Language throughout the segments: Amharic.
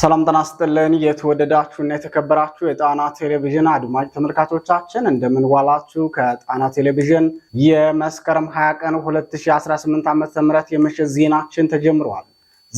ሰላም ጤና ይስጥልን። የተወደዳችሁና የተከበራችሁ የጣና ቴሌቪዥን አድማጭ ተመልካቾቻችን እንደምንዋላችሁ። ከጣና ቴሌቪዥን የመስከረም 20 ቀን 2018 ዓ.ም የምሽት ዜናችን ተጀምረዋል።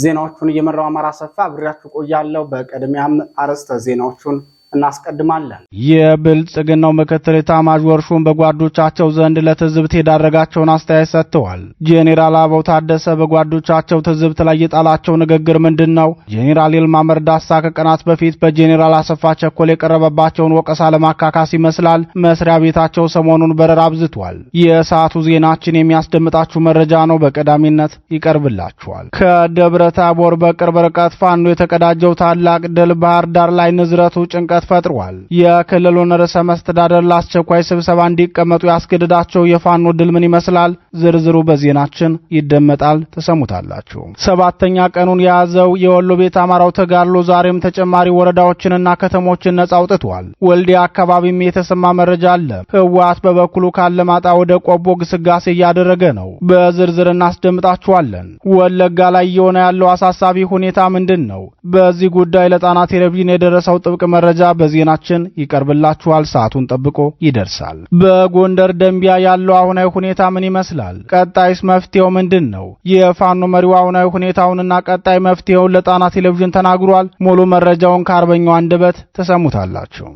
ዜናዎቹን እየመራው አማራ ሰፋ አብሬያችሁ ቆያለሁ። በቅድሚያም አርዕስተ ዜናዎቹን እናስቀድማለን። የብልጽግናው ምክትል ኤታማዦር ሹም በጓዶቻቸው ዘንድ ለትዝብት የዳረጋቸውን አስተያየት ሰጥተዋል። ጄኔራል አበው ታደሰ በጓዶቻቸው ትዝብት ላይ የጣላቸው ንግግር ምንድን ነው? ጄኔራል ይልማ መርዳሳ ከቀናት በፊት በጄኔራል አሰፋ ቸኮል የቀረበባቸውን ወቀሳ ለማካካስ ይመስላል መስሪያ ቤታቸው ሰሞኑን በረራ አብዝቷል። የሰዓቱ ዜናችን የሚያስደምጣችሁ መረጃ ነው፣ በቀዳሚነት ይቀርብላችኋል። ከደብረ ታቦር በቅርብ ርቀት ፋኖ የተቀዳጀው ታላቅ ድል ባህር ዳር ላይ ንዝረቱ ጭንቀት ውጥረት ፈጥሯል። የክልሉን ርዕሰ መስተዳደር ለአስቸኳይ ስብሰባ እንዲቀመጡ ያስገድዳቸው የፋኖ ድል ምን ይመስላል? ዝርዝሩ በዜናችን ይደመጣል፣ ተሰሙታላችሁ። ሰባተኛ ቀኑን የያዘው የወሎ ቤት አማራው ተጋድሎ ዛሬም ተጨማሪ ወረዳዎችንና ከተሞችን ነጻ አውጥቷል። ወልዲያ አካባቢም የተሰማ መረጃ አለ። ህወሓት በበኩሉ ካለማጣ ወደ ቆቦ ግስጋሴ እያደረገ ነው። በዝርዝር እናስደምጣችኋለን። ወለጋ ላይ እየሆነ ያለው አሳሳቢ ሁኔታ ምንድን ነው? በዚህ ጉዳይ ለጣና ቴሌቪዥን የደረሰው ጥብቅ መረጃ በዜናችን ይቀርብላችኋል። ሰዓቱን ጠብቆ ይደርሳል። በጎንደር ደንቢያ ያለው አሁናዊ ሁኔታ ምን ይመስላል? ቀጣይስ መፍትሄው ምንድን ነው? የፋኖ መሪው አሁናዊ ሁኔታውንና ቀጣይ መፍትሄውን ለጣና ቴሌቪዥን ተናግሯል። ሙሉ መረጃውን ከአርበኛው አንደበት ተሰሙታላችሁ።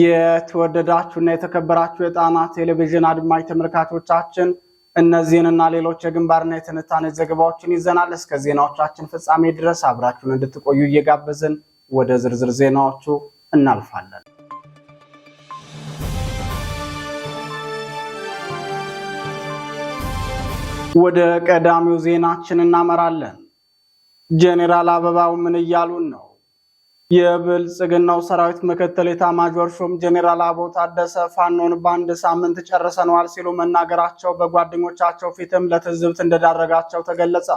የተወደዳችሁና የተከበራችሁ የጣና ቴሌቪዥን አድማጭ ተመልካቾቻችን እነዚህንና ሌሎች የግንባርና የትንታኔ ዘገባዎችን ይዘናል። እስከ ዜናዎቻችን ፍጻሜ ድረስ አብራችሁን እንድትቆዩ እየጋበዝን ወደ ዝርዝር ዜናዎቹ እናልፋለን። ወደ ቀዳሚው ዜናችን እናመራለን። ጄኔራል አበባው ምን እያሉን ነው? የብልጽግናው ሰራዊት ምክትል ኤታማዦር ሹም ጄኔራል አበባው ታደሰ ፋኖን በአንድ ሳምንት ጨርሰነዋል ሲሉ መናገራቸው በጓደኞቻቸው ፊትም ለትዝብት እንደዳረጋቸው ተገለጸ።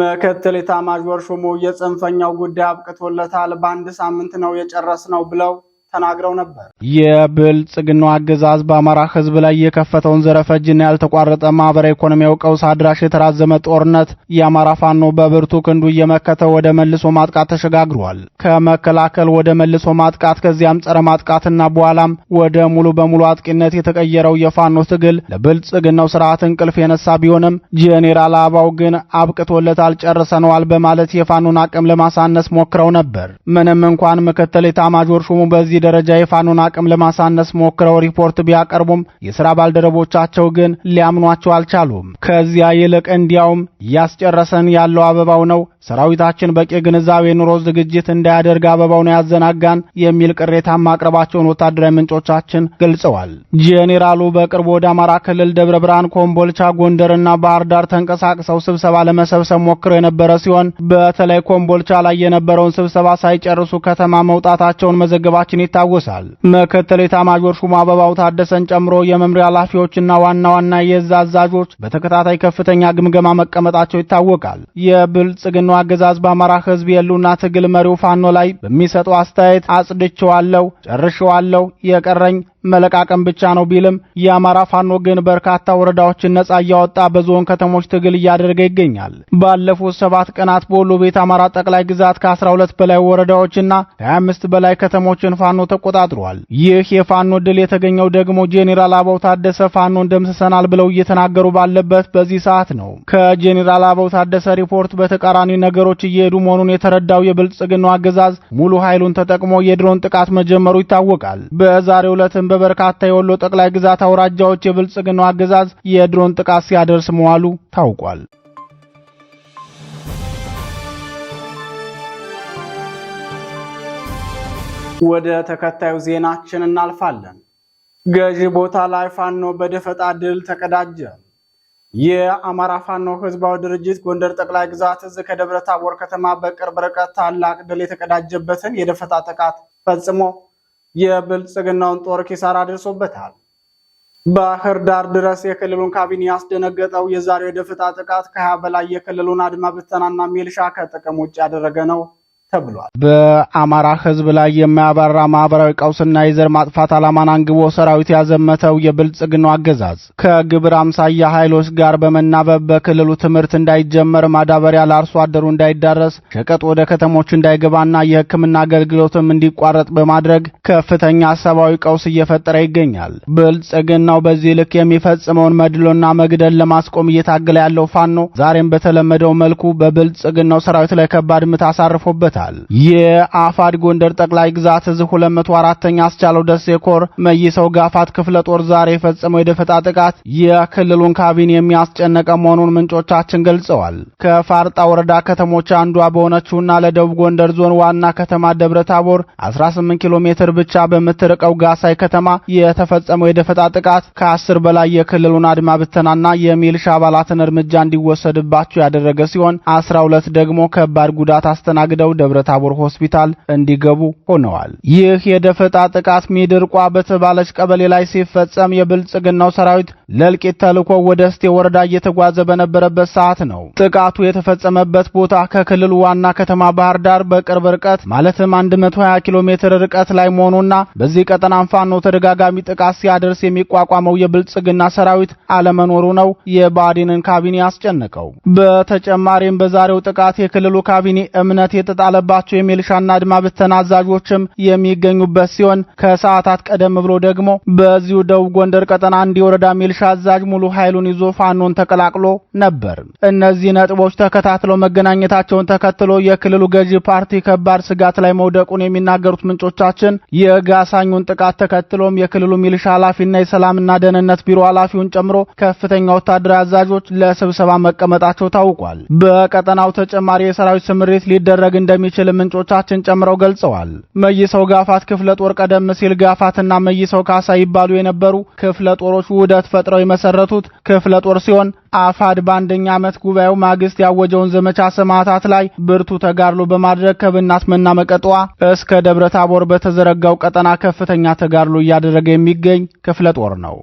ምክትል ኤታማዦር ሹሙ የጽንፈኛው ጉዳይ አብቅቶለታል፣ በአንድ ሳምንት ነው የጨረስነው ብለው ተናግረው ነበር። የብልጽግናው አገዛዝ በአማራ ህዝብ ላይ የከፈተውን ዘረፈጅና ያልተቋረጠ ማህበራዊ ኢኮኖሚያዊ ቀውስ አድራሽ የተራዘመ ጦርነት የአማራ ፋኖ በብርቱ ክንዱ እየመከተ ወደ መልሶ ማጥቃት ተሸጋግሯል። ከመከላከል ወደ መልሶ ማጥቃት ከዚያም ጸረ ማጥቃትና በኋላም ወደ ሙሉ በሙሉ አጥቂነት የተቀየረው የፋኖ ትግል ለብልጽግናው ስርዓት እንቅልፍ የነሳ ቢሆንም ጄኔራል አበባው ግን አብቅቶለታል፣ ጨርሰነዋል በማለት የፋኖን አቅም ለማሳነስ ሞክረው ነበር። ምንም እንኳን ምክትል ኤታማዦር ሹሙ በዚህ ደረጃ የፋኖን አቅም ለማሳነስ ሞክረው ሪፖርት ቢያቀርቡም የሥራ ባልደረቦቻቸው ግን ሊያምኗቸው አልቻሉም። ከዚያ ይልቅ እንዲያውም እያስጨረሰን ያለው አበባው ነው፣ ሰራዊታችን በቂ ግንዛቤ ኑሮ ዝግጅት እንዳያደርግ አበባው ነው ያዘናጋን የሚል ቅሬታ ማቅረባቸውን ወታደራዊ ምንጮቻችን ገልጸዋል። ጄኔራሉ በቅርቡ ወደ አማራ ክልል ደብረ ብርሃን፣ ኮምቦልቻ፣ ጎንደርና ባህር ዳር ተንቀሳቅሰው ስብሰባ ለመሰብሰብ ሞክረው የነበረ ሲሆን በተለይ ኮምቦልቻ ላይ የነበረውን ስብሰባ ሳይጨርሱ ከተማ መውጣታቸውን መዘገባችን ይታወሳል። ምክትል ኤታማዦር ሹም አበባው ታደሰን ጨምሮ የመምሪያ ኃላፊዎችና ዋና ዋና የእዝ አዛዦች በተከታታይ ከፍተኛ ግምገማ መቀመጣቸው ይታወቃል። የብልጽግናው አገዛዝ በአማራ ህዝብ የሉና ትግል መሪው ፋኖ ላይ በሚሰጠው አስተያየት አጽድቼዋለሁ፣ ጨርሼዋለሁ፣ የቀረኝ መለቃቀም ብቻ ነው ቢልም የአማራ ፋኖ ግን በርካታ ወረዳዎችን ነጻ እያወጣ በዞን ከተሞች ትግል እያደረገ ይገኛል። ባለፉት ሰባት ቀናት በወሎ ቤት አማራ ጠቅላይ ግዛት ከ12 በላይ ወረዳዎችና ከ25 በላይ ከተሞችን ፋኖ ተቆጣጥሯል። ይህ የፋኖ ድል የተገኘው ደግሞ ጄኔራል አበው ታደሰ ፋኖን ደምስሰናል ብለው እየተናገሩ ባለበት በዚህ ሰዓት ነው። ከጄኔራል አበው ታደሰ ሪፖርት በተቃራኒ ነገሮች እየሄዱ መሆኑን የተረዳው የብልጽግናው አገዛዝ ሙሉ ኃይሉን ተጠቅሞ የድሮን ጥቃት መጀመሩ ይታወቃል። በዛሬው ዕለትም በበርካታ የወሎ ጠቅላይ ግዛት አውራጃዎች የብልጽግናው አገዛዝ የድሮን ጥቃት ሲያደርስ መዋሉ ታውቋል። ወደ ተከታዩ ዜናችን እናልፋለን። ገዢ ቦታ ላይ ፋኖ በደፈጣ ድል ተቀዳጀ። የአማራ ፋኖ ህዝባዊ ድርጅት ጎንደር ጠቅላይ ግዛት እዝ ከደብረ ታቦር ከተማ በቅርብ ርቀት ታላቅ ድል የተቀዳጀበትን የደፈጣ ጥቃት ፈጽሞ የብልጽግናውን ጦር ኪሳራ አድርሶበታል። ባህር ዳር ድረስ የክልሉን ካቢኔ ያስደነገጠው የዛሬው የደፈጣ ጥቃት ከሀያ በላይ የክልሉን አድማ ብተናና ሚልሻ ከጥቅም ውጭ ያደረገ ነው። ተብሏል። በአማራ ህዝብ ላይ የማያባራ ማህበራዊ ቀውስና የዘር ማጥፋት ዓላማን አንግቦ ሰራዊት ያዘመተው የብልጽግናው አገዛዝ ከግብር አምሳያ ኃይሎች ጋር በመናበብ በክልሉ ትምህርት እንዳይጀመር፣ ማዳበሪያ ለአርሶ አደሩ እንዳይዳረስ፣ ሸቀጥ ወደ ከተሞች እንዳይገባና የህክምና አገልግሎትም እንዲቋረጥ በማድረግ ከፍተኛ ሰብአዊ ቀውስ እየፈጠረ ይገኛል። ብልጽግናው በዚህ ልክ የሚፈጽመውን መድሎና መግደል ለማስቆም እየታገለ ያለው ፋኖ ዛሬም በተለመደው መልኩ በብልጽግናው ሰራዊት ላይ ከባድ ምት አሳርፎበታል። ይላል። የአፋድ ጎንደር ጠቅላይ ግዛት እዝ 204ኛ አስቻለው ደሴ ኮር መይሰው ጋፋት ክፍለ ጦር ዛሬ የፈጸመው የደፈጣ ጥቃት የክልሉን ካቢኔ የሚያስጨነቀ መሆኑን ምንጮቻችን ገልጸዋል። ከፋርጣ ወረዳ ከተሞች አንዷ በሆነችውና ለደቡብ ጎንደር ዞን ዋና ከተማ ደብረ ታቦር 18 ኪሎ ሜትር ብቻ በምትርቀው ጋሳይ ከተማ የተፈጸመው የደፈጣ ጥቃት ከ ከ10 በላይ የክልሉን አድማ ብተናና የሚልሻ አባላትን እርምጃ እንዲወሰድባቸው ያደረገ ሲሆን 12 ደግሞ ከባድ ጉዳት አስተናግደው ደብረ ታቦር ሆስፒታል እንዲገቡ ሆነዋል። ይህ የደፈጣ ጥቃት ሚድርቋ በተባለች ቀበሌ ላይ ሲፈጸም የብልጽግናው ሰራዊት ለልቂት ተልኮ ወደ እስቴ ወረዳ እየተጓዘ በነበረበት ሰዓት ነው። ጥቃቱ የተፈጸመበት ቦታ ከክልሉ ዋና ከተማ ባህር ዳር በቅርብ ርቀት ማለትም 120 ኪሎ ሜትር ርቀት ላይ መሆኑና በዚህ ቀጠና አንፋኖ ተደጋጋሚ ጥቃት ሲያደርስ የሚቋቋመው የብልጽግና ሰራዊት አለመኖሩ ነው የባዲንን ካቢኔ ያስጨነቀው። በተጨማሪም በዛሬው ጥቃት የክልሉ ካቢኔ እምነት የተጣለ የተጣለባቸው የሚልሻና አድማ ብተና አዛዦችም የሚገኙበት ሲሆን ከሰዓታት ቀደም ብሎ ደግሞ በዚሁ ደቡብ ጎንደር ቀጠና አንድ የወረዳ ሚልሻ አዛዥ ሙሉ ኃይሉን ይዞ ፋኖን ተቀላቅሎ ነበር። እነዚህ ነጥቦች ተከታትለው መገናኘታቸውን ተከትሎ የክልሉ ገዢ ፓርቲ ከባድ ስጋት ላይ መውደቁን የሚናገሩት ምንጮቻችን የጋሳኙን ጥቃት ተከትሎም የክልሉ ሚልሻ ኃላፊና የሰላምና ደህንነት ቢሮ ኃላፊውን ጨምሮ ከፍተኛ ወታደራዊ አዛዦች ለስብሰባ መቀመጣቸው ታውቋል። በቀጠናው ተጨማሪ የሰራዊት ስምሪት ሊደረግ እንደሚ እንደሚችል ምንጮቻችን ጨምረው ገልጸዋል። መይሰው ጋፋት ክፍለ ጦር ቀደም ሲል ጋፋትና መይሰው ካሳ ይባሉ የነበሩ ክፍለ ጦሮች ውህደት ፈጥረው የመሰረቱት ክፍለ ጦር ሲሆን አፋድ በአንደኛ ዓመት ጉባኤው ማግስት ያወጀውን ዘመቻ ሰማዕታት ላይ ብርቱ ተጋድሎ በማድረግ ከብናት መናመቀጠዋ እስከ ደብረ ታቦር በተዘረጋው ቀጠና ከፍተኛ ተጋድሎ እያደረገ የሚገኝ ክፍለ ጦር ነው።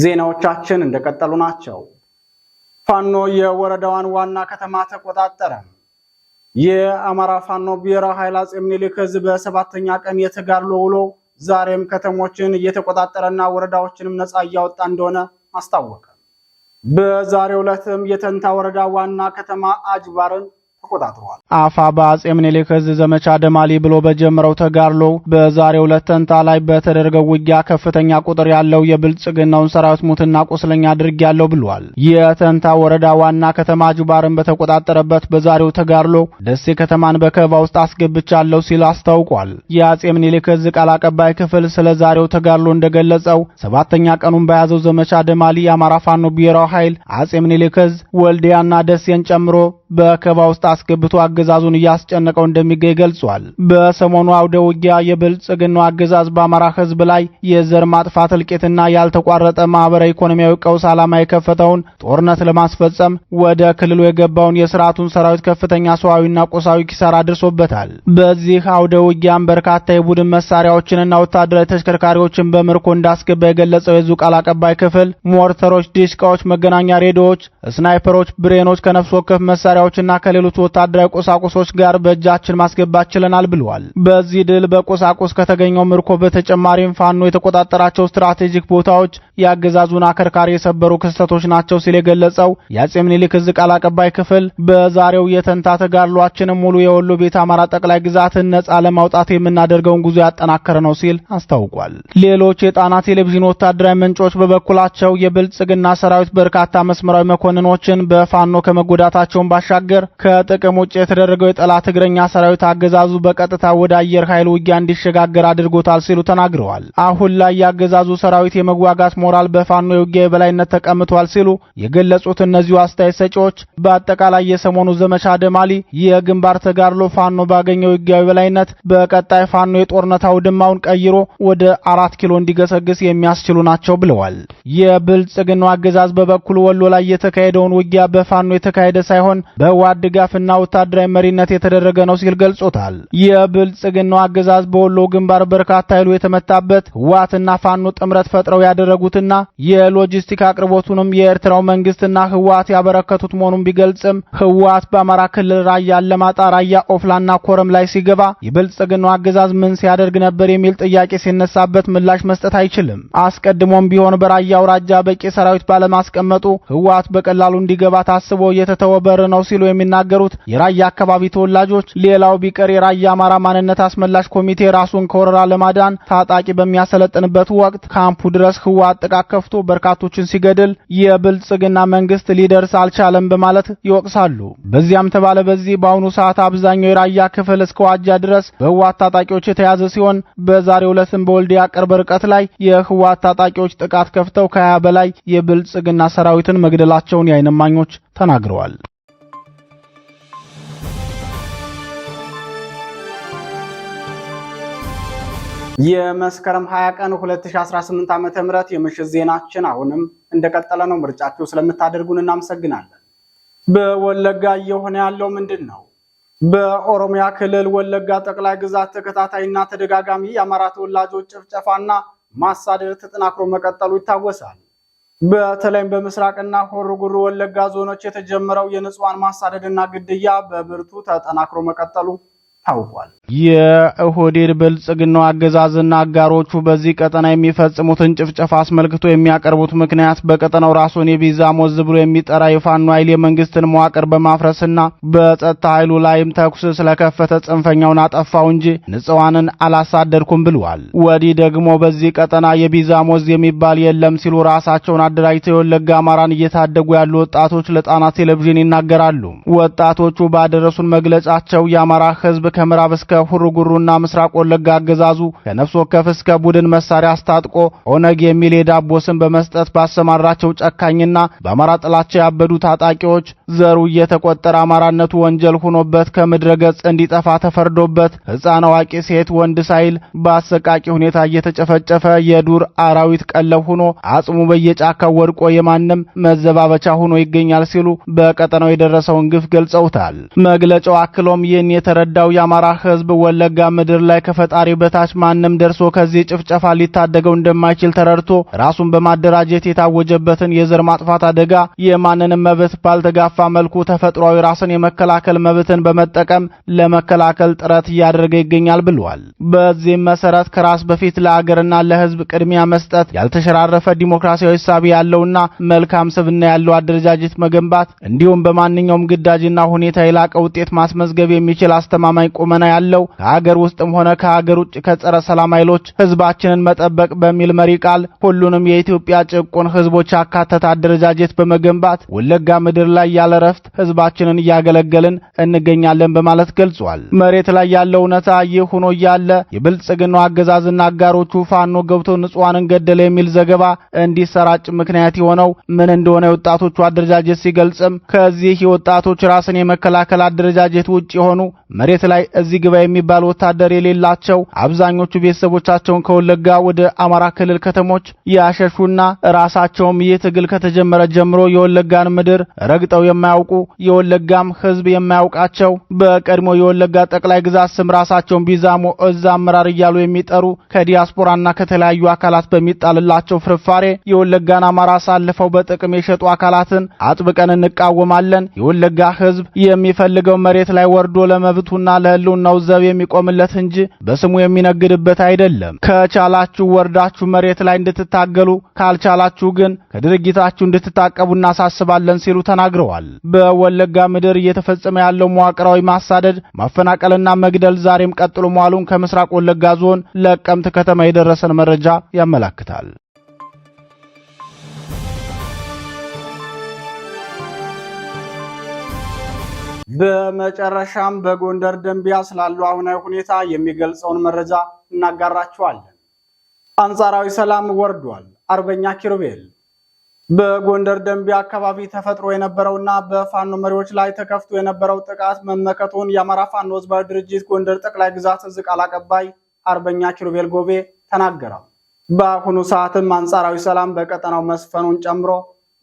ዜናዎቻችን እንደቀጠሉ ናቸው። ፋኖ የወረዳዋን ዋና ከተማ ተቆጣጠረ። የአማራ ፋኖ ብሔራዊ ኃይል አጼ ምኒልክ ህዝብ በሰባተኛ ቀን የተጋድሎ ውሎ ዛሬም ከተሞችን እየተቆጣጠረና ወረዳዎችንም ነፃ እያወጣ እንደሆነ አስታወቀ። በዛሬው ዕለትም የተንታ ወረዳ ዋና ከተማ አጅባርን ተቆጣጥረዋል። አፋ አጼ ምኒልክ እዝ ዘመቻ ደማሊ ብሎ በጀመረው ተጋድሎ በዛሬው ዕለት ተንታ ላይ በተደረገው ውጊያ ከፍተኛ ቁጥር ያለው የብልጽግናውን ሰራዊት ሙትና ቁስለኛ ያለው ብሏል። የተንታ ወረዳ ዋና ከተማ ጁባርን በተቆጣጠረበት በዛሬው ተጋድሎ ደሴ ከተማን በከበባ ውስጥ አስገብቻለሁ ሲል አስታውቋል። የአጼ ምኒልክ እዝ ቃል አቀባይ ክፍል ስለ ዛሬው ተጋድሎ እንደገለጸው ሰባተኛ ቀኑን በያዘው ዘመቻ ደማሊ የአማራ ፋኖ ብሔራዊ ኃይል አጼ ምኒልክ እዝ ወልዲያና ደሴን ጨምሮ በከበባ ውስጥ አስገብቶ አገዛዙን እያስጨነቀው እንደሚገኝ ገልጿል። በሰሞኑ አውደ ውጊያ የብልጽግናው አገዛዝ በአማራ ህዝብ ላይ የዘር ማጥፋት እልቂትና ያልተቋረጠ ማህበራዊ ኢኮኖሚያዊ ቀውስ ዓላማ የከፈተውን ጦርነት ለማስፈጸም ወደ ክልሉ የገባውን የስርዓቱን ሰራዊት ከፍተኛ ሰዋዊና ቁሳዊ ኪሳራ አድርሶበታል። በዚህ አውደ ውጊያም በርካታ የቡድን መሳሪያዎችንና ወታደራዊ ተሽከርካሪዎችን በምርኮ እንዳስገባ የገለጸው የዙ ቃል አቀባይ ክፍል ሞርተሮች፣ ዲሽቃዎች፣ መገናኛ ሬዲዮዎች፣ ስናይፐሮች፣ ብሬኖች ከነፍስ ወከፍ መሳሪያዎችና ከሌሎች ወታደራዊ ቁሳቁሶች ጋር በእጃችን ማስገባት ችለናል ብለዋል። በዚህ ድል በቁሳቁስ ከተገኘው ምርኮ በተጨማሪም ፋኖ የተቆጣጠራቸው ስትራቴጂክ ቦታዎች የአገዛዙን አከርካሪ የሰበሩ ክስተቶች ናቸው ሲል የገለጸው የአጼ ምኒልክ እዝ ቃል አቀባይ ክፍል በዛሬው የተንታ ተጋድሏችንም ሙሉ የወሎ ቤት አማራ ጠቅላይ ግዛትን ነጻ ለማውጣት የምናደርገውን ጉዞ ያጠናከረ ነው ሲል አስታውቋል። ሌሎች የጣና ቴሌቪዥን ወታደራዊ ምንጮች በበኩላቸው የብልጽግና ሰራዊት በርካታ መስመራዊ መኮንኖችን በፋኖ ከመጎዳታቸውን ባሻገር ከጥ ከመጠቀም ውጭ የተደረገው የጠላት እግረኛ ሰራዊት አገዛዙ በቀጥታ ወደ አየር ኃይል ውጊያ እንዲሸጋገር አድርጎታል ሲሉ ተናግረዋል። አሁን ላይ የአገዛዙ ሰራዊት የመዋጋት ሞራል በፋኖ የውጊያ የበላይነት ተቀምቷል ሲሉ የገለጹት እነዚሁ አስተያየት ሰጪዎች በአጠቃላይ የሰሞኑ ዘመቻ ደማሊ የግንባር ተጋድሎ ፋኖ ባገኘው ውጊያ በላይነት በቀጣይ ፋኖ የጦርነት አውድማውን ቀይሮ ወደ አራት ኪሎ እንዲገሰግስ የሚያስችሉ ናቸው ብለዋል። የብልጽግናው አገዛዝ በበኩሉ ወሎ ላይ የተካሄደውን ውጊያ በፋኖ የተካሄደ ሳይሆን በህወሓት ድጋፍ በኃይልና ወታደራዊ መሪነት የተደረገ ነው ሲል ገልጾታል። የብልጽግናው አገዛዝ በወሎ ግንባር በርካታ ኃይሉ የተመታበት ህወሓትና ፋኖ ጥምረት ፈጥረው ያደረጉትና የሎጂስቲክ አቅርቦቱንም የኤርትራው መንግስትና ህወሓት ያበረከቱት መሆኑን ቢገልጽም ህወሓት በአማራ ክልል ራያ አላማጣ፣ ራያ ኦፍላና ኮረም ላይ ሲገባ የብልጽግናው አገዛዝ ምን ሲያደርግ ነበር የሚል ጥያቄ ሲነሳበት ምላሽ መስጠት አይችልም። አስቀድሞም ቢሆን በራያ አውራጃ በቂ ሰራዊት ባለማስቀመጡ ህወሓት በቀላሉ እንዲገባ ታስቦ የተተወ በር ነው ሲሉ የሚናገሩት ያሉት የራያ አካባቢ ተወላጆች ሌላው ቢቀር የራያ አማራ ማንነት አስመላሽ ኮሚቴ ራሱን ከወረራ ለማዳን ታጣቂ በሚያሰለጥንበት ወቅት ካምፑ ድረስ ህዋ ጥቃት ከፍቶ በርካቶችን ሲገድል የብልጽግና መንግስት ሊደርስ አልቻለም በማለት ይወቅሳሉ። በዚያም ተባለ በዚህ በአሁኑ ሰዓት አብዛኛው የራያ ክፍል እስከ ዋጃ ድረስ በህዋ ታጣቂዎች የተያዘ ሲሆን በዛሬው ዕለትም በወልዲያ ቅርብ ርቀት ላይ የህዋ ታጣቂዎች ጥቃት ከፍተው ከሀያ በላይ የብልጽግና ሰራዊትን መግደላቸውን የአይንማኞች ተናግረዋል። የመስከረም 20 ቀን 2018 ዓ.ም ምረት የምሽት ዜናችን አሁንም እንደቀጠለ ነው። ምርጫችሁ ስለምታደርጉን እናመሰግናለን። በወለጋ እየሆነ ያለው ምንድን ነው? በኦሮሚያ ክልል ወለጋ ጠቅላይ ግዛት ተከታታይና ተደጋጋሚ የአማራ ተወላጆች ጭፍጨፋና ማሳደድ ተጠናክሮ መቀጠሉ ይታወሳል። በተለይም በምስራቅና ሆሮ ጉሩ ወለጋ ዞኖች የተጀመረው የንጹሃን ማሳደድና ግድያ በብርቱ ተጠናክሮ መቀጠሉ ታውቋል። የኦህዴድ ብልጽግናው አገዛዝና አጋሮቹ በዚህ ቀጠና የሚፈጽሙትን ጭፍጨፋ አስመልክቶ የሚያቀርቡት ምክንያት በቀጠናው ራሱን የቪዛ ሞዝ ብሎ የሚጠራ የፋኖ ኃይል የመንግስትን መዋቅር በማፍረስና በጸጥታ ኃይሉ ላይም ተኩስ ስለከፈተ ጽንፈኛውን አጠፋው እንጂ ንጽዋንን አላሳደድኩም ብለዋል። ወዲህ ደግሞ በዚህ ቀጠና የቪዛ ሞዝ የሚባል የለም ሲሉ ራሳቸውን አደራጅተው የወለጋ አማራን እየታደጉ ያሉ ወጣቶች ለጣና ቴሌቪዥን ይናገራሉ። ወጣቶቹ ባደረሱን መግለጫቸው የአማራ ህዝብ ከምዕራብ እስከ ሁሩጉሩና ምስራቅ ወለጋ አገዛዙ ከነፍስ ወከፍ እስከ ቡድን መሳሪያ አስታጥቆ ኦነግ የሚል የዳቦ ስም በመስጠት ባሰማራቸው ጨካኝና በአማራ ያበዱ ታጣቂዎች ዘሩ እየተቆጠረ አማራነቱ ወንጀል ሆኖበት ከምድረ ገጽ እንዲጠፋ ተፈርዶበት ሕፃን፣ አዋቂ፣ ሴት፣ ወንድ ሳይል በአሰቃቂ ሁኔታ እየተጨፈጨፈ የዱር አራዊት ቀለብ ሆኖ አጽሙ በየጫካው ወድቆ የማንም መዘባበቻ ሆኖ ይገኛል ሲሉ በቀጠናው የደረሰውን ግፍ ገልጸውታል። መግለጫው አክሎም ይህን የተረዳው የአማራ ህዝብ ወለጋ ምድር ላይ ከፈጣሪ በታች ማንም ደርሶ ከዚህ ጭፍጨፋ ሊታደገው እንደማይችል ተረድቶ ራሱን በማደራጀት የታወጀበትን የዘር ማጥፋት አደጋ የማንንም መብት ባልተጋፋ መልኩ ተፈጥሯዊ ራስን የመከላከል መብትን በመጠቀም ለመከላከል ጥረት እያደረገ ይገኛል ብለዋል። በዚህም መሰረት ከራስ በፊት ለአገርና ለህዝብ ቅድሚያ መስጠት ያልተሸራረፈ ዲሞክራሲያዊ ሳቢ ያለውና መልካም ስብና ያለው አደረጃጀት መገንባት እንዲሁም በማንኛውም ግዳጅና ሁኔታ የላቀ ውጤት ማስመዝገብ የሚችል አስተማማኝ ቁመና ያለው ከሀገር ውስጥም ሆነ ከሀገር ውጭ ከጸረ ሰላም ኃይሎች ህዝባችንን መጠበቅ በሚል መሪ ቃል ሁሉንም የኢትዮጵያ ጭቁን ህዝቦች ያካተተ አደረጃጀት በመገንባት ወለጋ ምድር ላይ ያለ ረፍት ህዝባችንን እያገለገልን እንገኛለን በማለት ገልጿል። መሬት ላይ ያለው እውነታ ይህ ሆኖ እያለ የብልጽግናው አገዛዝና አጋሮቹ ፋኖ ገብቶ ንጹሐንን ገደለ የሚል ዘገባ እንዲሰራጭ ምክንያት የሆነው ምን እንደሆነ የወጣቶቹ አደረጃጀት ሲገልጽም ከዚህ የወጣቶች ራስን የመከላከል አደረጃጀት ውጭ የሆኑ መሬት ላይ ላይ እዚህ ግባ የሚባል ወታደር የሌላቸው አብዛኞቹ ቤተሰቦቻቸውን ከወለጋ ወደ አማራ ክልል ከተሞች ያሸሹና ራሳቸውም ይህ ትግል ከተጀመረ ጀምሮ የወለጋን ምድር ረግጠው የማያውቁ የወለጋም ሕዝብ የማያውቃቸው በቀድሞ የወለጋ ጠቅላይ ግዛት ስም ራሳቸውን ቢዛሞ እዛ አመራር እያሉ የሚጠሩ ከዲያስፖራና ከተለያዩ አካላት በሚጣልላቸው ፍርፋሬ የወለጋን አማራ አሳልፈው በጥቅም የሸጡ አካላትን አጥብቀን እንቃወማለን። የወለጋ ሕዝብ የሚፈልገው መሬት ላይ ወርዶ ለመብቱና ለ ለሕልውናው ዘብ የሚቆምለት እንጂ በስሙ የሚነግድበት አይደለም። ከቻላችሁ ወርዳችሁ መሬት ላይ እንድትታገሉ፣ ካልቻላችሁ ግን ከድርጊታችሁ እንድትታቀቡ እናሳስባለን ሲሉ ተናግረዋል። በወለጋ ምድር እየተፈጸመ ያለው መዋቅራዊ ማሳደድ፣ ማፈናቀልና መግደል ዛሬም ቀጥሎ መዋሉን ከምስራቅ ወለጋ ዞን ለቀምት ከተማ የደረሰን መረጃ ያመለክታል። በመጨረሻም በጎንደር ደንቢያ ስላለው አሁናዊ ሁኔታ የሚገልጸውን መረጃ እናጋራችኋለን። አንጻራዊ ሰላም ወርዷል። አርበኛ ኪሩቤል በጎንደር ደንቢያ አካባቢ ተፈጥሮ የነበረውና በፋኖ መሪዎች ላይ ተከፍቶ የነበረው ጥቃት መመከቱን የአማራ ፋኖ ህዝባዊ ድርጅት ጎንደር ጠቅላይ ግዛት እዝ ቃል አቀባይ አርበኛ ኪሩቤል ጎቤ ተናገረው። በአሁኑ ሰዓትም አንጻራዊ ሰላም በቀጠናው መስፈኑን ጨምሮ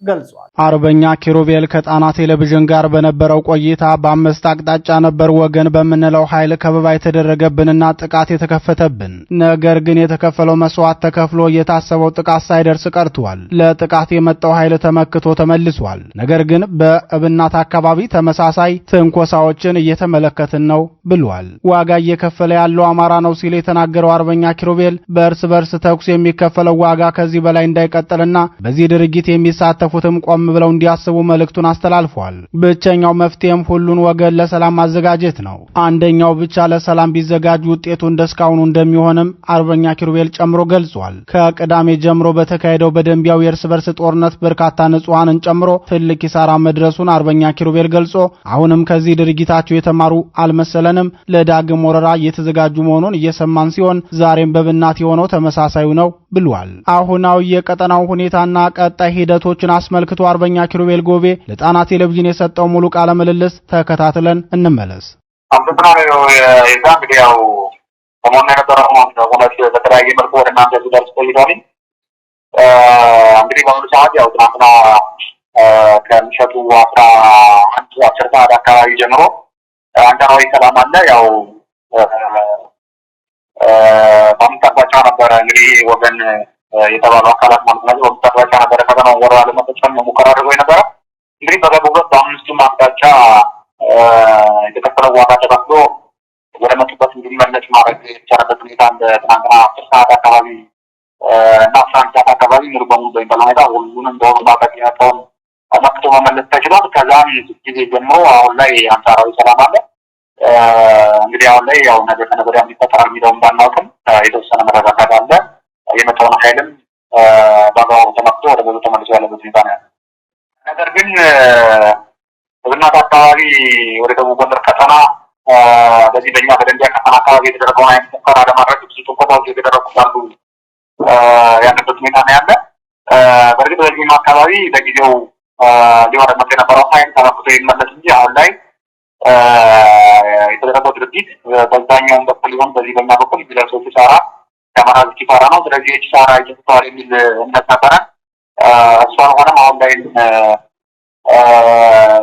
ገልጿል። አርበኛ ኪሩቤል ከጣና ቴሌቪዥን ጋር በነበረው ቆይታ በአምስት አቅጣጫ ነበር ወገን በምንለው ኃይል ከበባ የተደረገብንና ጥቃት የተከፈተብን። ነገር ግን የተከፈለው መስዋዕት ተከፍሎ የታሰበው ጥቃት ሳይደርስ ቀርቷል። ለጥቃት የመጣው ኃይል ተመክቶ ተመልሷል። ነገር ግን በእብናት አካባቢ ተመሳሳይ ትንኮሳዎችን እየተመለከትን ነው ብሏል። ዋጋ እየከፈለ ያለው አማራ ነው ሲል የተናገረው አርበኛ ኪሩቤል በእርስ በርስ ተኩስ የሚከፈለው ዋጋ ከዚህ በላይ እንዳይቀጥልና በዚህ ድርጊት የሚሳተፉ ያለፉትም ቆም ብለው እንዲያስቡ መልእክቱን አስተላልፏል። ብቸኛው መፍትሄም ሁሉን ወገን ለሰላም ማዘጋጀት ነው። አንደኛው ብቻ ለሰላም ቢዘጋጅ ውጤቱ እንደስካሁኑ እንደሚሆንም አርበኛ ኪሩቤል ጨምሮ ገልጿል። ከቅዳሜ ጀምሮ በተካሄደው በደንቢያው የእርስ በርስ ጦርነት በርካታ ንጹሐንን ጨምሮ ትልቅ ኪሳራ መድረሱን አርበኛ ኪሩቤል ገልጾ አሁንም ከዚህ ድርጊታቸው የተማሩ አልመሰለንም፣ ለዳግም ወረራ እየተዘጋጁ መሆኑን እየሰማን ሲሆን ዛሬም በብናት የሆነው ተመሳሳዩ ነው ብሏል። አሁናዊ የቀጠናው ሁኔታና ቀጣይ ሂደቶችን አስመልክቶ አርበኛ ኪሩቤል ጎቤ ለጣና ቴሌቪዥን የሰጠው ሙሉ ቃለ ምልልስ ተከታትለን እንመለስ። ያው ሰሞኑን የነበረው በተለያየ መልኩ ወደ እናንተ ሲደርስ ቆይቷል። እንግዲህ በአሁኑ ሰዓት ያው ትናንትና ከምሸቱ አስራ አንድ አስር ሰዓት አካባቢ ጀምሮ አንጻራዊ ሰላም አለ። ያው በአምስት አቅጣጫ ነበረ እንግዲህ ወገን የተባሉ አካላት ማለት ነው። በምስራቅ ነበረ ከተማ ወረራ ለመፈጸም ሙከራ አድርገው የነበረ እንግዲህ በገቡበት በአምስቱም አቅጣጫ የተከፈለው ዋጋ ተከፍሎ ወደ መጡበት እንዲመለስ ማድረግ የተቻለበት ሁኔታ እንደ ትናንትና አስር ሰዓት አካባቢ እና አስራ አንድ ሰዓት አካባቢ ሙሉ በሙሉ በሚባል ሁኔታ ሁሉንም በሆኑ ማድረግ የመጣውን መክቶ መመለስ ተችሏል። ከዛም ጊዜ ጀምሮ አሁን ላይ አንጻራዊ ሰላም አለ። እንግዲህ አሁን ላይ ያው ነገ ከነገ ወዲያ የሚፈጠራል የሚለውን ባናውቅም የተወሰነ መረጋጋት አለ። የመጣውን ኃይልም በአግባቡ ተመርቶ ወደ ብዙ ተመልሶ ያለበት ሁኔታ ነው ያለ። ነገር ግን እብናት አካባቢ ወደ ደቡብ ጎንደር ቀጠና በዚህ በኛ በደንቢያ ቀጠና አካባቢ የተደረገውን አይነት ሙከራ ለማድረግ ብዙ ጥንቆታዎች የተደረጉ ሳሉ ያለበት ሁኔታ ነው ያለ። በእርግጥ በዚህም አካባቢ በጊዜው ሊወረ መጥ የነበረው ኃይል ተመክቶ ይመለስ እንጂ አሁን ላይ የተደረገው ድርጊት በዛኛውን በኩል ይሆን በዚህ በኛ በኩል ቢለሶቹ ሰራ ከመራዝ ኪሳራ ነው። ስለዚህ ኪሳራ እየተዋር የሚል እምነት ነበረ። እሱ አልሆነም። አሁን ላይ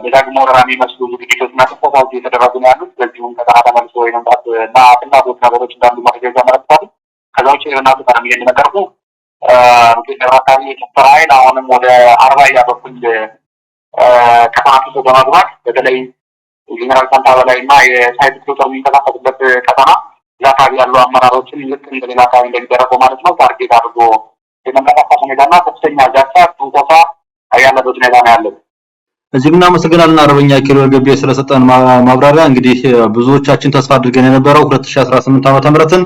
ደጋግሞ ወረራ የሚመስሉ ዝግጅቶች እና ትኮሳዎች እየተደረጉ ነው ያሉት። በዚሁም ከተማ ተመልሶ የመምጣት እና ፍላጎት ነገሮች እንዳሉ መረጃ ያመለክታሉ። ከዛ ውጭ ናቱ ቀደም እንደነገርኩ ምክንያቱ አካባቢ የቸፈረ ኃይል አሁንም ወደ አርባያ በኩል ከተማቱ በመግባት በተለይ ጀኔራል ሳንታ በላይ እና የሳይድ ክሎተር የሚንቀሳቀሱበት ቀጠና የአካባቢ ያሉ አመራሮችን ልክ እንደሌላ አካባቢ እንደሚደረገው ማለት ነው ታርጌት አድርጎ የመንቀሳቀስ ሁኔታና ከፍተኛ ዛቻ ትንኮሳ ያለበት ሁኔታ ነው ያለን። እዚህም እናመሰግናለን አርበኛ ኪሎ ገቤ ስለሰጠን ማብራሪያ። እንግዲህ ብዙዎቻችን ተስፋ አድርገን የነበረው 2018 ዓመተ ምህረትን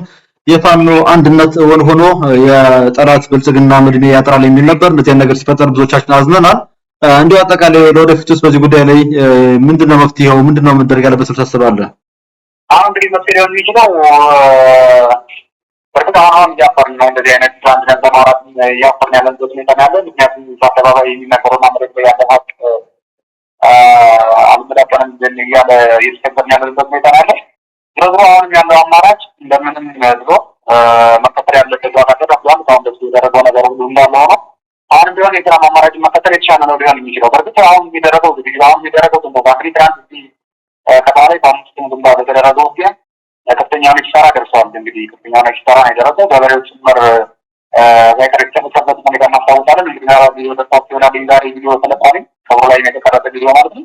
የፋኖ አንድነት እውን ሆኖ የጠላት ብልጽግና ምድሜ ያጥራል የሚል ነበር። እንደዚህ ነገር ሲፈጠር ብዙዎቻችን አዝነናል። እንዲሁ አጠቃላይ ለወደፊት ውስጥ በዚህ ጉዳይ ላይ ምንድነው መፍትሄው? ምንድነው መደረግ ያለበት ታስባለህ? አሁን እንግዲህ መፍትሄ ሊሆን የሚችለው በእርግጥ አሁን አሁን እያፈርን ነው እንደዚህ አይነት አንድ ነን በማውራት እያፈርን ያለንበት ሁኔታ ያለ። ምክንያቱም በአደባባይ የሚነገረውን መድረክ ላይ ያለ ሀቅ አልመዳቀንም እያለ እየተከበርን ያለንበት ሁኔታ ያለ። ዞሮ ዞሮ አሁንም ያለው አማራጭ እንደምንም ብሎ መከተል ያለበት ዋጋገር አሁን ደስ የደረገው ነገር ሁሉ እንዳለ ሆኖ አሁንም ቢሆን የሰላም አማራጭ መከተል የተሻለ ነው ሊሆን የሚችለው። በእርግጥ አሁን የሚደረገው ዝግጅ አሁን የሚደረገው ደግሞ በአክሪ ትራንስ ከተማ ላይ በአምስቱም ግንባር በተደረገ ውጊያ ከፍተኛ የሆነ ኪሳራ ደርሰዋል። እንግዲህ ከፍተኛ የሆነ ኪሳራ ነው የደረሰው። ገበሬዎች ጭምር ዛይቀር የተሰበት ሁኔታ እናስታውሳለን። እንግዲህ ራ ቪዲዮ ተጣፍ ይሆናል። ዛሬ ቪዲዮ ተለቋሚ ከብሮ ላይ የተቀረጠ ቪዲዮ ማለት ነው።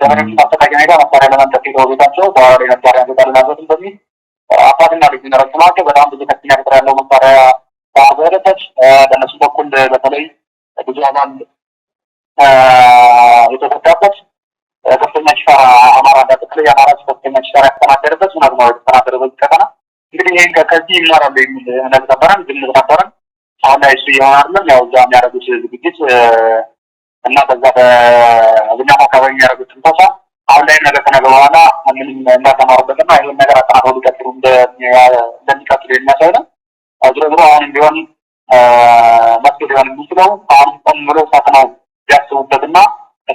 ገበሬዎች ማሰቃቂ ሁኔታ መሳሪያ ለመንጠፍ ሄደው ቤታቸው በኋላ ላይ መሳሪያ ገዛ ልናዘትም በሚል አባትና ልጅ ነረሱ ናቸው። በጣም ብዙ ከፍተኛ ቁጥር ያለው መሳሪያ ተዘረፈች። በእነሱ በኩል በተለይ ብዙ አባል የተጎዳበት ከፍተኛ ኪሳራ አማራ እንዳጠቅላይ የአማራ ከፍተኛ ኪሳራ ያስተናገደበት ምናዝማ የተስተናገደበት ቀጠና እንግዲህ ይህን ከዚህ ይማራሉ የሚል እምነት ነበረን፣ ግምት ነበረን። አሁን ላይ እሱ እየሆነ አይደለም። ያው እዛ የሚያደረጉት ዝግጅት እና በዛ በዝናም አካባቢ የሚያደረጉት ትንኮሳ አሁን ላይ ነገ ከነገ በኋላ ምንም እንዳተማሩበት ና ይህን ነገር አጠናቀው ሊቀጥሉ እንደሚቀጥሉ የሚያሳይ ነው። ዞሮ ዝሮ አሁንም ቢሆን መፍትሄ ሊሆን የሚችለው አሁን ቀን ብሎ ሳትነው ና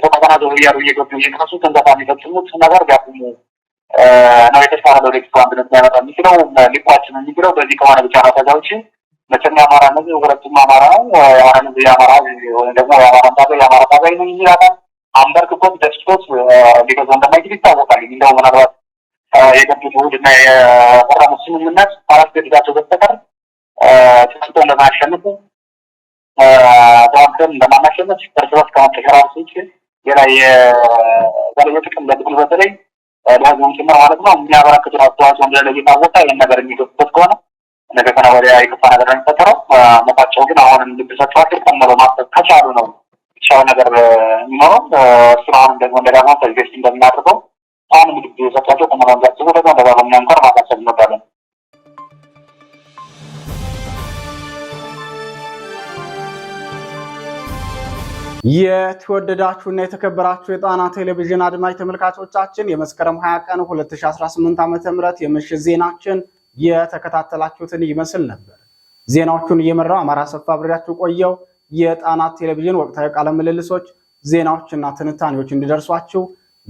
ከተቀጠና ዞር እያሉ እየገቡ እየተነሱ ትንገታ የሚፈጽሙት ነገር ቢያቁሙ ነው። የተሻለ ወደፊቱ አንድነት ሊያመጣ የሚችለው ሊቋጭም የሚችለው በዚህ ከሆነ ብቻ ነው። ከዛ ውጭ የአማራ ህዝብ ሁለቱም አማራ ነው። የአማራ ህዝብ የአማራ ወይም ደግሞ የአማራ ታጋይ የአማራ ታጋይ ነው የሚል አካል አንበርክኮት ደስቶት ሊገዛ እንደማይችል ይታወቃል። እንደው ምናልባት የገቡት ውድ እና የፈረሙት ስምምነት አራት ገድጋቸው በስተቀር ተሰልቶ እንደማያሸንፉ ተዋግተን እንደማናሸንፍ እርስ በርስ ከመተሸራረስ ውጭ ሌላ የተለየ ጥቅም ለትግል በተለይ ለህዝቡም ጭምር ማለት ነው የሚያበረክቱት አስተዋጽኦ እንዳለ እየታወቀ ይህን ነገር የሚገቡበት ከሆነ ነገ ከነገ ወዲያ የከፋ ነገር ነው የሚፈጠረው። መጣቸው ግን አሁንም ልብ ሰጥቷቸው ቀምሮ ማሰብ ከቻሉ ነው የተሻለ ነገር የሚኖረው። እሱን አሁንም ደግሞ እንደዳግሞ ከዚህ በፊት እንደምናደርገው አሁንም ልብ ሰጥቷቸው ቀምሮ እንዳስቡ ደግሞ እንደዛ በሚያንኳር ማሳሰብ እንወዳለን። የተወደዳችሁና የተከበራችሁ የጣና ቴሌቪዥን አድማጭ ተመልካቾቻችን የመስከረም 20 ቀን 2018 ዓ.ም የምሽት ዜናችን የተከታተላችሁትን ይመስል ነበር። ዜናዎቹን እየመራው አማራ ሰፋ አብሬያችሁ ቆየው። የጣና ቴሌቪዥን ወቅታዊ ቃለ ምልልሶች፣ ዜናዎችና ትንታኔዎች እንዲደርሷችሁ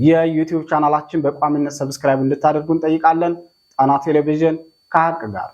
የዩቲዩብ ቻናላችን በቋሚነት ሰብስክራይብ እንድታደርጉ እንጠይቃለን። ጣና ቴሌቪዥን ከሀቅ ጋር